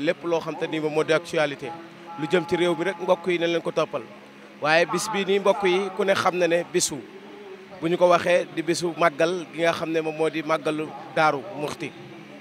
lépp loo xam te ni moom moo di actualité lu jëm ci réew bi rek mbokk yi nañ leen ko toppal waaye bis bii nii mbokk yi ku ne xam na ne bisu bu ñu ko waxee di bisu màggal ki nga xam ne moom moo di màggalu daaru muxti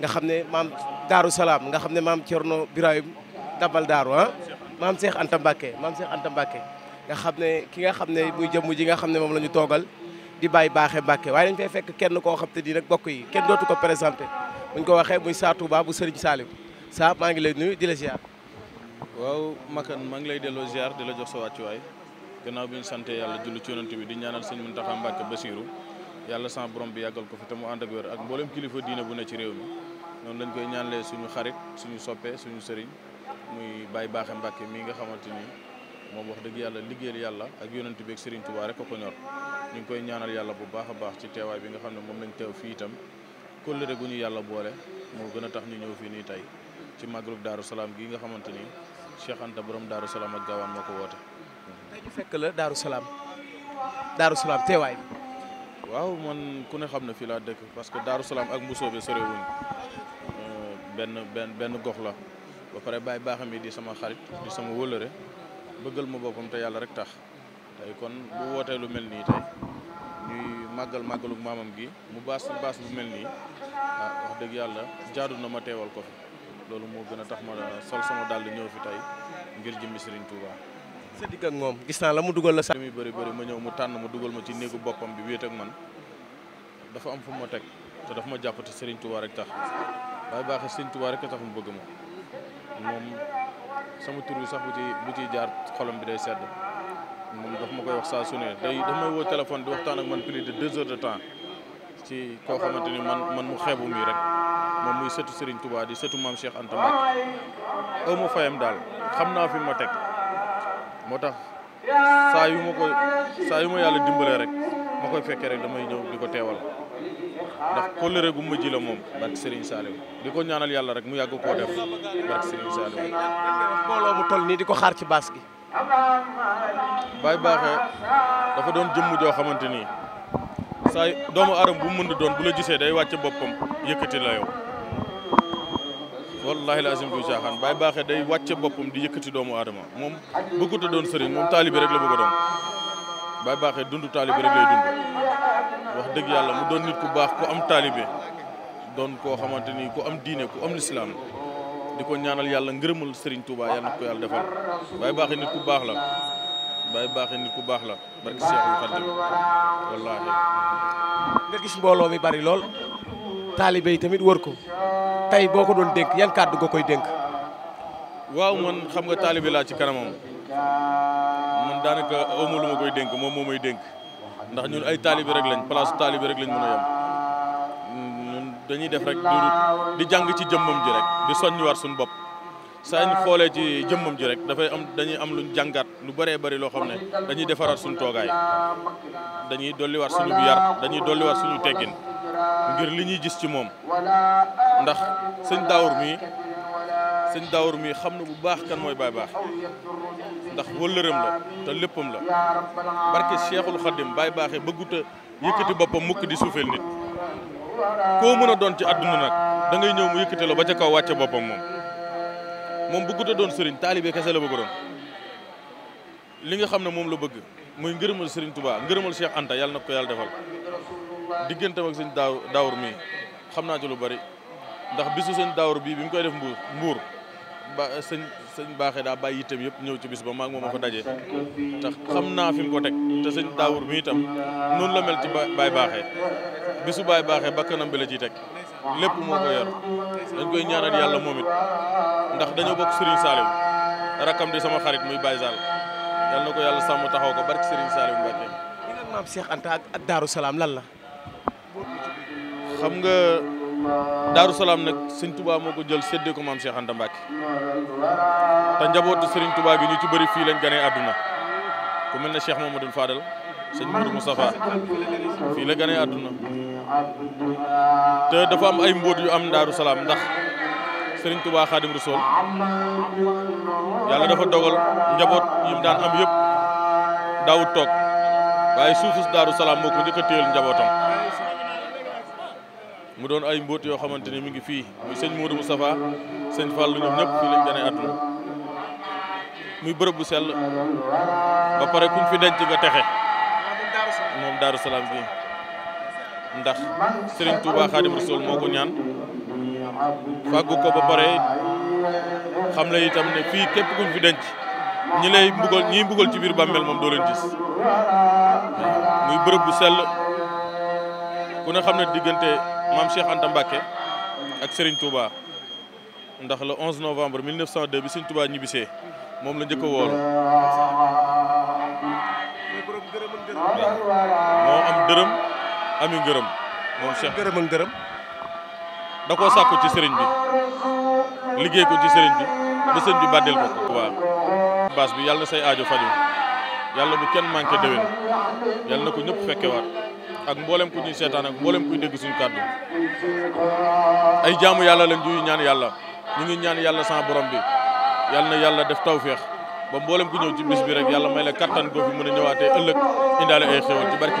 nga xam ne maam daaru salaam nga xam ne maam Cerno Birahim tabal daaru ah maam seex Anta mbakke maam Cheikh Anta Mbacké nga xam ne ki nga xam ne muy jëmm ji nga xam ne moom la ñu toogal di bàyyi baaxee Mbacké waaye dañ fay fekk kenn koo xam te di nag mbokk yi kenn dootu ko présenté buñ ko waxee muy Sa Touba bu Serigne Saliou Saa maa ngi lay nuyu di la ziar. waaw Makan ngi lay delloo ziar di la jox sa wàccuwaay gannaaw bi ñu santee yàlla julli ci yonent bi di ñaanal sëñ Muntaxa Mbàkke Basiiru yàlla sama borom bi yàggal ko fi te mu ànd ak wér ak mboolem kilifa diine bu ne ci réew mi noonu lañ koy ñaanalee suñu xarit suñu soppee suñu sëriñ muy baay Baaxe Mbàkke mii nga xamante ni moom wax dëgg yàlla liggéeyal yàlla ak yonent bi ak sëriñ Tuubaa rek a ko ñor ñu ngi koy ñaanal yàlla bu baax a baax teewaay bi nga xam ne moom lañ teew fii itam kóllëre gu ñu yàlla boole moo gën a tax ñu ñëw fii nii tey ci màggalug Daaru Salaam gi nga xamante ni Cheikh boroom borom Daaru Salaam ak gaawaan moo ko woote. tey Daaru Salaam Daaru Salaam teewaay waaw man ku ne xam na fii laa dëkk parce que Daaru Salaam ak Mbusoobe sorewuñ euh, benn benn benn gox la ba pare bàyyi baaxam yi di sama xarit di sama wëllëre bëggal ma boppam te yàlla rek tax kon bu wootee lu mel nii tey ñuy màggal màggaluk maamam gi mu baas baas lu mel nii ah wax dëgg yàlla jaadu na ma teewal ko loolu moo gën a tax ma sol sama dàll ñëw fi tey ngir jëmmi Serigne Touba. sa digg ak moom gis naa la mu dugal la sax muy bari bëri ma ñëw mu tànn ma dugal ma ci néegu boppam bi wéet ak man dafa am fu ma teg te dafa ma jàpp te Serigne Touba rek tax waaye baaxee Serigne Touba rek tax mu bëgg ma moom sama tur sax bu ci bu ciy jaar xolam bi day sedd moom dafa ma koy wax saa su ne day dafa may woo téléphone di waxtaan ak man plus de deux heures de temps. ci koo xamante ni man man mu xeebu mi rek moom muy sëtu Serigne Touba di sëtu maam Cheikh Anta Mbacké mu ma fayam daal xam naa fi ma teg moo tax saa yu ma koy saa yu ma yàlla dimbalee rek ma koy fekkee rek damay ñëw di ko teewal ndax kóllëre gu mujj la moom barke Serigne Saliou di ko ñaanal yàlla rek mu yàgg koo def barke Serigne Saliou mbooloo bu toll nii di ko xaar ci baas gi. Baye Baaxe dafa doon jëmm joo xamante ni. saa doomu aadama bu mu mën doon bu la gisee day wàcc boppam yëkkati la yow wallahi lazim du caaxaan baay baaxee day wàcce boppam di yëkkati doomu adama moom bëggut doon sëriñ moom taalibi rek la bëgg doon baay baaxee dund taalibi rek lay dund wax dëgg yàlla mu doon nit ku baax ku am taalibe doon koo xamante ni ku am diine ku am lislaam di ko ñaanal yàlla ngërëmal sëriñ Touba yàlla na ko yàlla defal baay baaxee nit ku baax la Baye Baaxe nit ku baax la barki Seexul Xadim wallaahi nga gis mbooloo mi bari lool taalibe yi tamit war ko tey boo ko doon dénk yan kàddu nga koy dénk waaw man xam nga taalibe laa ci kanamam man daanaka awma lu ma koy dénk moom moom may dénk ndax ñun ay taalibe rek lañ place taalibe rek lañ mën a yem dañuy def rek di jàng ci jëmmam ji rek di soññiwaat suñu bopp saa ñu xoolee ci jëmmam ji rek dafay am dañuy am luñ jàngat lu bëree bëri loo xam ne dañuy defaraat suñu toogaay dañuy dolliwaat suñu yar dañuy dolliwaat suñu teggin ngir li ñuy gis ci moom ndax sëñ daawur mii sëñ daawur mii xam na bu baax kan mooy baay baax ndax wëllëram la te léppam la barke Cheikhul Khadim baay baaxee bëggut a yëkkati boppam mukk di suufeel nit koo mën a doon ci àdduna nag da ngay ñëw mu yëkkati la ba ca kaw wàcce boppam moom moom bëggut a doon sëriñ taalibe kese la bëgg doon li nga xam ne moom la bëgg muy ngërëmal sëriñ tubaa ngërëmal seex Anta yàlla na ko yàlla defal digganteem ak sëñ daaw daawur mii xam naa ci lu bari ndax bisu seen daawur bii bi mu koy def mbuur mbuur ba sëñ sëñ baaxee daa bàyyi itam yëpp ñëw ci bis ba maag moom a fa dajee tax xam naa fi mu ko teg te sëñ daawur mii itam noonu la mel ci baay baaxee bisu baay baaxee bakkanam bi la ciy teg lépp moo ko yor dañ koy ñaanal yàlla moom it ndax dañoo bokk Serigne Salim rakkam di sama xarit muy Baye Sall yal na ko yàlla sàmm taxaw ko barki Serigne Salim Mbacké. li nga maam Cheikh Anta ak lan la. xam nga Daaru Salaam nag Serigne Touba moo ko jël séddee ko maam Cheikh Anta Mbacké te njabootu Serigne Touba gi ñu ci bëri fii lañ ganee àdduna ku mel ne Cheikh Mamadou Fadal. sëñ Modou Moustapha fii la gane àdduna te dafa am ay mbóot yu am Daaru Salaam ndax Serigne Touba Khadim Rasoul yàlla dafa dogal njaboot yi mu daan am yépp daawut toog waaye suufu Daaru Salaam moo ko njëkk a téyel mu doon ay mbóot yoo xamante ni mi ngi fii muy sëñ Modou Moustapha sëñ Fallou ñoom ñëpp fii lañ gane àdduna muy bërëb bu sell ba pare kuñ fi denc nga texe Daaru Salaam bi ndax Serigne Touba Khadim moo ko ñaan fàggu ko ba xam ne itam ne fii képp kuñ fi denc ñi lay mbugal ñiy mbugal ci biir bàmmeel moom doo leen gis muy bërëb bu sell ku ne xam ne diggante maam Cheikh Anta Mbacke ak Serigne Touba ndax le 11 novembre 1902 bi Serigne Touba ñibbisee moom la njëkk a moo am dërëm ami ngërëm da koo sàkku ci sëriñ bi liggéey ko ci sëriñ bi ba sëriñ bi bàddeel ko waaw baas bi yàlla na say aajo faju yàlla bu kenn manqué déwén yàlla na ko ñëpp fekkewaat ak mboolem ku ñuy seetaan ak mboolem kuy dégg suñu kàddu ay jaamu yàlla lañ juy ñaan yàlla ñu ngi ñaan yàlla sans borom bi yàlla na yàlla def tawféex ba mboolem ku ñëw ci bis bi rek yàlla may la kattan goo fi a ñëwaatee ëllëg indaale ay xéwal ci barke